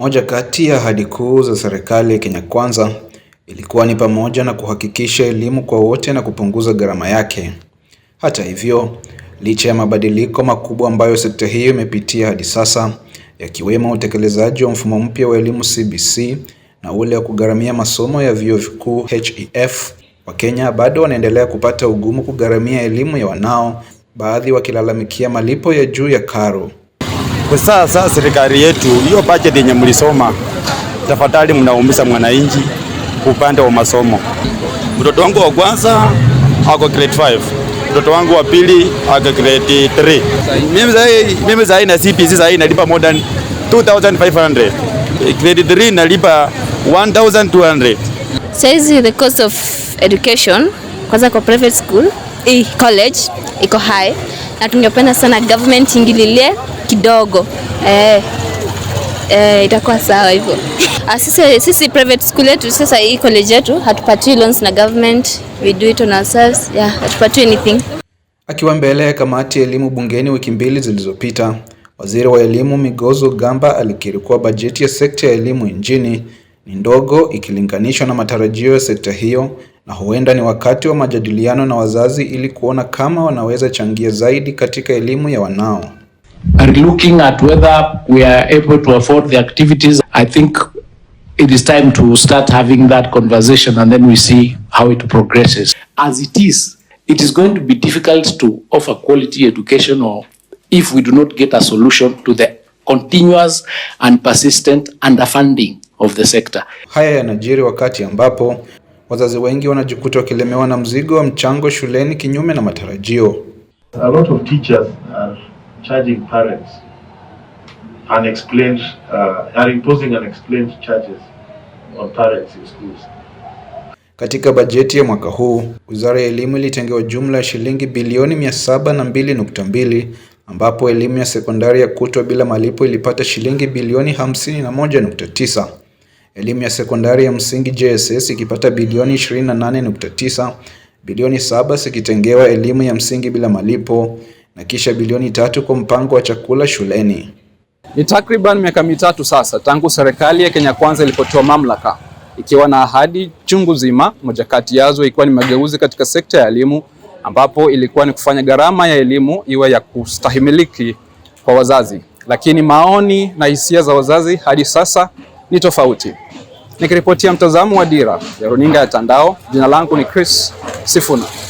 Moja kati ya ahadi kuu za serikali ya Kenya Kwanza ilikuwa ni pamoja na kuhakikisha elimu kwa wote na kupunguza gharama yake. Hata hivyo, licha ya mabadiliko makubwa ambayo sekta hiyo imepitia hadi sasa, yakiwemo utekelezaji wa mfumo mpya wa elimu CBC na ule wa kugharamia masomo ya vyuo vikuu HEF, Wakenya bado wanaendelea kupata ugumu kugharamia elimu ya wanao, baadhi wakilalamikia malipo ya juu ya karo. Kwa sasa serikali yetu, hiyo budget yenye mlisoma, tafadhali mnaumiza mwananchi upande wa masomo. Mtoto wangu wa kwanza ako grade 5, mtoto wangu wa pili ako grade 3. Mimi sai mimi sai na CPC sai nalipa more than 2500. Grade 3 nalipa 1200. Says the cost of education kwanza kwa private school, e college iko high na tungependa sana government ingililie kidogo eh. Eh, itakuwa sawa hivyo. Ah, sisi, sisi private school yetu sasa, hii college yetu hatupatii loans na government, we do it on ourselves. Yeah, hatupatii anything. Akiwa mbele ya kamati ya elimu bungeni wiki mbili zilizopita, waziri wa elimu Migozo Gamba alikiri kuwa bajeti ya sekta ya elimu nchini ni ndogo ikilinganishwa na matarajio ya sekta hiyo na huenda ni wakati wa majadiliano na wazazi ili kuona kama wanaweza changia zaidi katika elimu ya wanao. And looking at whether we are able to afford the activities, I think it is time to start having that conversation and then we see how it progresses. As it is, it is going to be difficult to offer quality education or if we do not get a solution to the continuous and persistent underfunding of the sector. Haya yanajiri wakati ambapo Wazazi wengi wanajikuta wakilemewa na mzigo wa mchango shuleni kinyume na matarajio. A lot of teachers are charging parents unexplained, uh, are imposing unexplained charges on parents in schools. Katika bajeti ya mwaka huu, Wizara ya Elimu ilitengewa jumla ya shilingi bilioni 702.2 ambapo elimu ya sekondari ya kutwa bila malipo ilipata shilingi bilioni 51.9. Elimu ya sekondari ya msingi JSS ikipata bilioni 28.9, bilioni saba zikitengewa elimu ya msingi bila malipo na kisha bilioni tatu kwa mpango wa chakula shuleni. Ni takriban miaka mitatu sasa tangu serikali ya Kenya Kwanza ilipotoa mamlaka ikiwa na ahadi chungu zima, moja kati yazo ikiwa ni mageuzi katika sekta ya elimu, ambapo ilikuwa ni kufanya gharama ya elimu iwe ya kustahimiliki kwa wazazi. Lakini maoni na hisia za wazazi hadi sasa ni tofauti. Nikiripotia mtazamo wa Dira ya runinga ya Tandao, jina langu ni Chris Sifuna.